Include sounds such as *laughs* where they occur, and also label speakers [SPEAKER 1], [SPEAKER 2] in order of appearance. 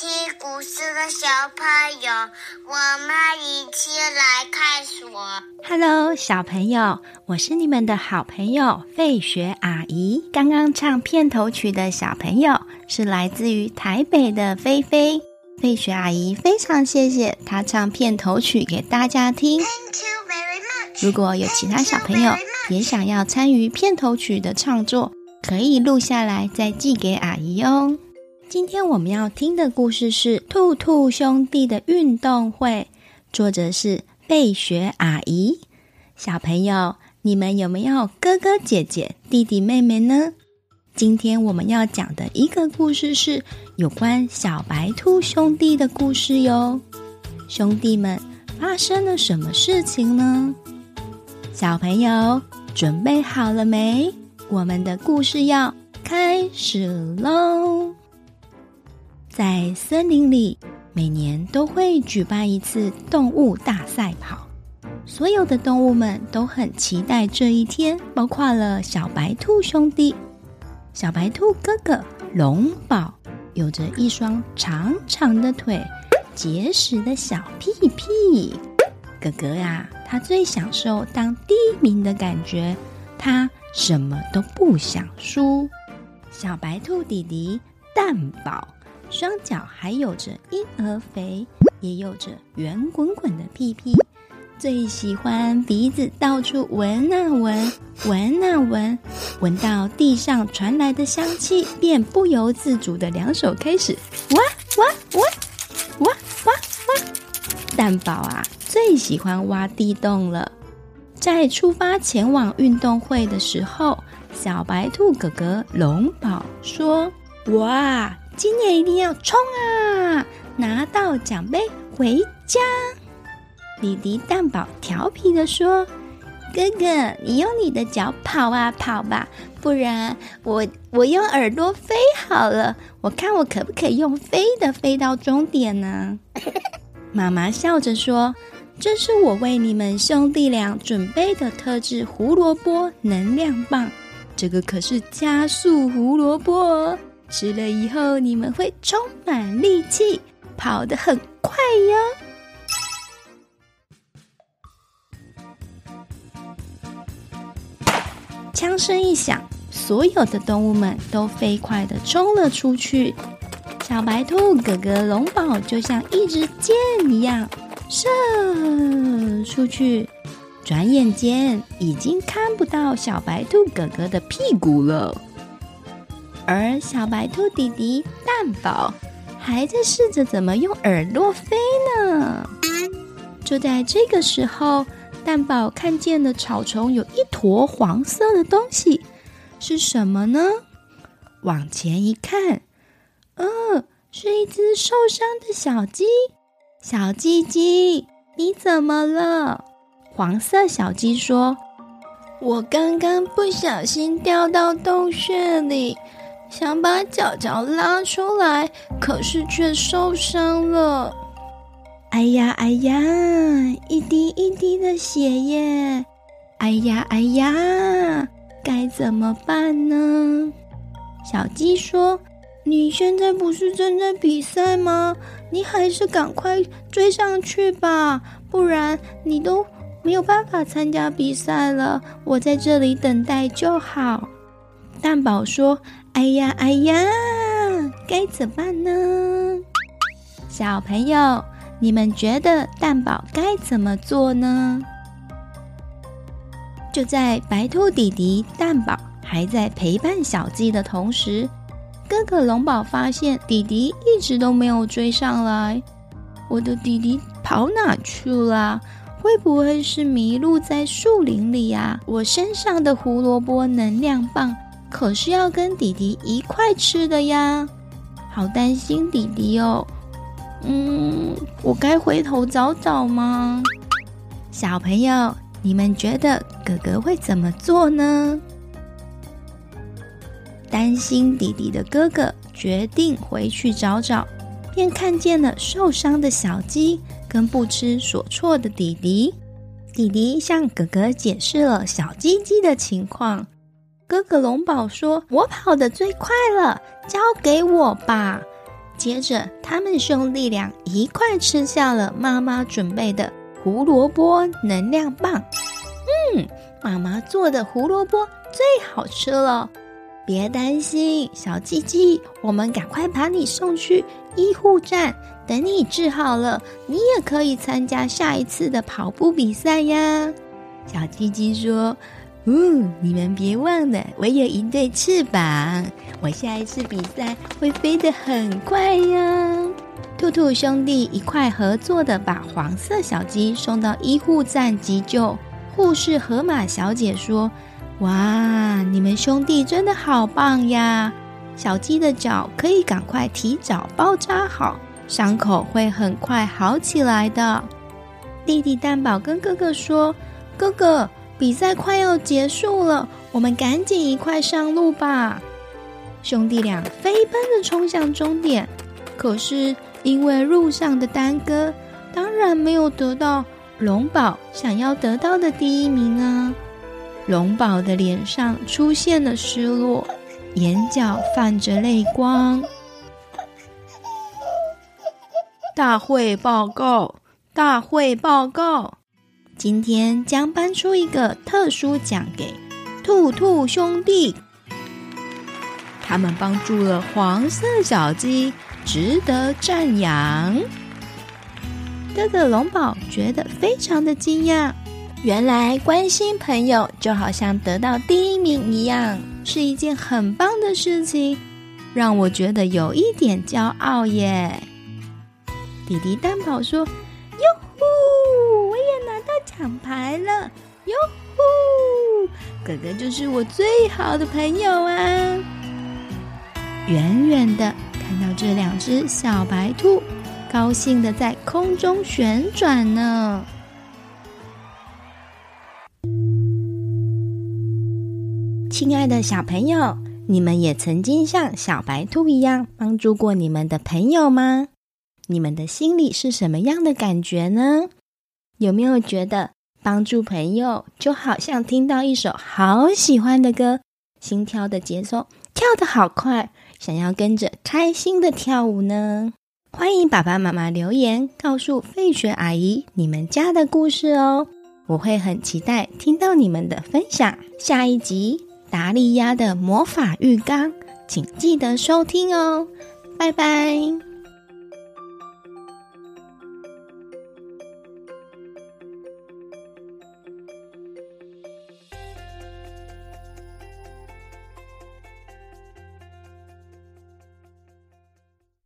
[SPEAKER 1] 聽故事的小朋友，我們一起來開鎖。h e 小朋友，我是你們的好朋友費雪阿姨。剛剛唱片頭曲的小朋友是來自於台北的菲菲。費雪阿姨非常謝謝她唱片頭曲給大家聽。Thank you very much。如果有其他小朋友也想要參與片頭曲的創作，可以錄下來再寄給阿姨哦。今天我們要聽的故事是《兔兔兄弟的運動會》，作者是費雪阿姨。小朋友，你們有沒有哥哥姐姐、弟弟妹妹呢？今天我們要講的一個故事是有關小白兔兄弟的故事喲。兄弟們，發生了什麼事情呢？小朋友，準備好了沒？我們的故事要開始嘍！在森林裡，每年都會舉辦一次動物大賽跑。所有的動物們都很期待這一天，包括了小白兔兄弟。小白兔哥哥龍寶，有着一雙長長的腿，結實的小屁屁。哥哥呀、啊，他最享受當第一名的感覺，他什麼都不想輸。小白兔弟弟蛋寶，雙腳還有着嬰兒肥，也有着圓滾滾的屁屁，最喜歡鼻子到處聞啊聞，聞啊聞，聞到地上傳來的香氣，便不由自主地兩手開始挖挖挖挖挖挖。蛋寶啊，最喜歡挖地洞了。在出發前往運動會的時候，小白兔哥哥龍寶說：“哇！”今年一定要衝啊！拿到獎杯回家。弟弟蛋寶調皮的說：“哥哥，你用你的腳跑啊跑吧，不然我我用耳朵飛好了。我看我可不可以用飛的飛到終點呢？” *laughs* 媽媽笑着說：“這是我為你們兄弟倆準備的特制胡蘿蔔能量棒，這個可是加速胡蘿蔔哦。”吃了以後，你們會充滿力氣，跑得很快喲。槍聲一響，所有的動物們都飛快地衝了出去。小白兔哥哥龍寶就像一支箭一樣射出去，轉眼間已經看不到小白兔哥哥的屁股了。而小白兔弟弟蛋寶還在試着怎麼用耳朵飛呢。就在這個時候，蛋寶看見了草叢有一坨黃色的東西，是什麼呢？往前一看，嗯、哦，是一隻受傷的小雞。小雞雞，你怎麼了？黃色小雞說：“我剛剛不小心掉到洞穴裡。”想把腳腳拉出來，可是卻受傷了。哎呀哎呀，一滴一滴的血液。哎呀哎呀，該怎麼辦呢？小雞說：“你現在不是正在比賽嗎？你還是趕快追上去吧，不然你都沒有辦法參加比賽了。我在這裡等待就好。”蛋寶說：“哎呀，哎呀，該怎麼辦呢？”小朋友，你們覺得蛋寶該怎麼做呢？就在白兔弟弟蛋寶還在陪伴小雞的同時，哥哥龍寶發現弟弟一直都沒有追上來。我的弟弟跑哪去了啊？會不會是迷路在樹林裡呀？我身上的胡蘿蔔能量棒。可是要跟弟弟一塊吃的呀，好擔心弟弟哦。嗯，我該回頭找找嗎？小朋友，你們覺得哥哥會怎麼做呢？擔心弟弟的哥哥決定回去找找，便看見了受傷的小雞跟不知所措的弟弟。弟弟向哥哥解釋了小雞雞的情況。哥哥龍寶說：“我跑得最快了，交給我吧。”接着，他們兄弟倆一塊吃下了媽媽準備的胡蘿蔔能量棒。嗯，媽媽做的胡蘿蔔最好吃了。別擔心，小雞雞，我們趕快把你送去醫護站，等你治好了，你也可以參加下一次的跑步比賽呀。小雞雞說。嗯、哦，你們別忘了，我有一對翅膀，我下一次比賽會飛得很快喲。兔兔兄弟一塊合作的，把黃色小雞送到醫護站急救。護士河馬小姐說：“哇，你們兄弟真的好棒呀！小雞的腳可以趕快提早包扎好，傷口會很快好起來的。”弟弟蛋寶跟哥哥說：“哥哥。”比賽快要結束了，我們趕緊一塊上路吧！兄弟倆飛奔着衝向終點，可是因為路上的耽擱，當然沒有得到龍寶想要得到的第一名啊！龍寶的臉上出現了失落，眼角泛着淚光。大會報告，大會報告。今天將頒出一個特殊獎給兔兔兄弟，他們幫助了黃色小雞，值得讚揚。哥哥龍寶覺得非常的驚訝，原來關心朋友就好像得到第一名一樣，是一件很棒的事情，讓我覺得有一點驕傲耶。弟弟蛋寶說。搶牌了，喲呼！哥哥就是我最好的朋友啊！遠遠的看到這兩隻小白兔，高興的在空中旋轉呢。親愛的小朋友，你們也曾經像小白兔一樣幫助過你們的朋友嗎？你們的心裡是什麼樣的感覺呢？有沒有覺得幫助朋友就好像聽到一首好喜歡的歌，心跳的節奏跳得好快，想要跟着開心的跳舞呢？歡迎爸爸媽媽留言告訴費雪阿姨你們家的故事哦，我會很期待聽到你們的分享。下一集，達利亞的魔法浴缸，請記得收聽哦，拜拜。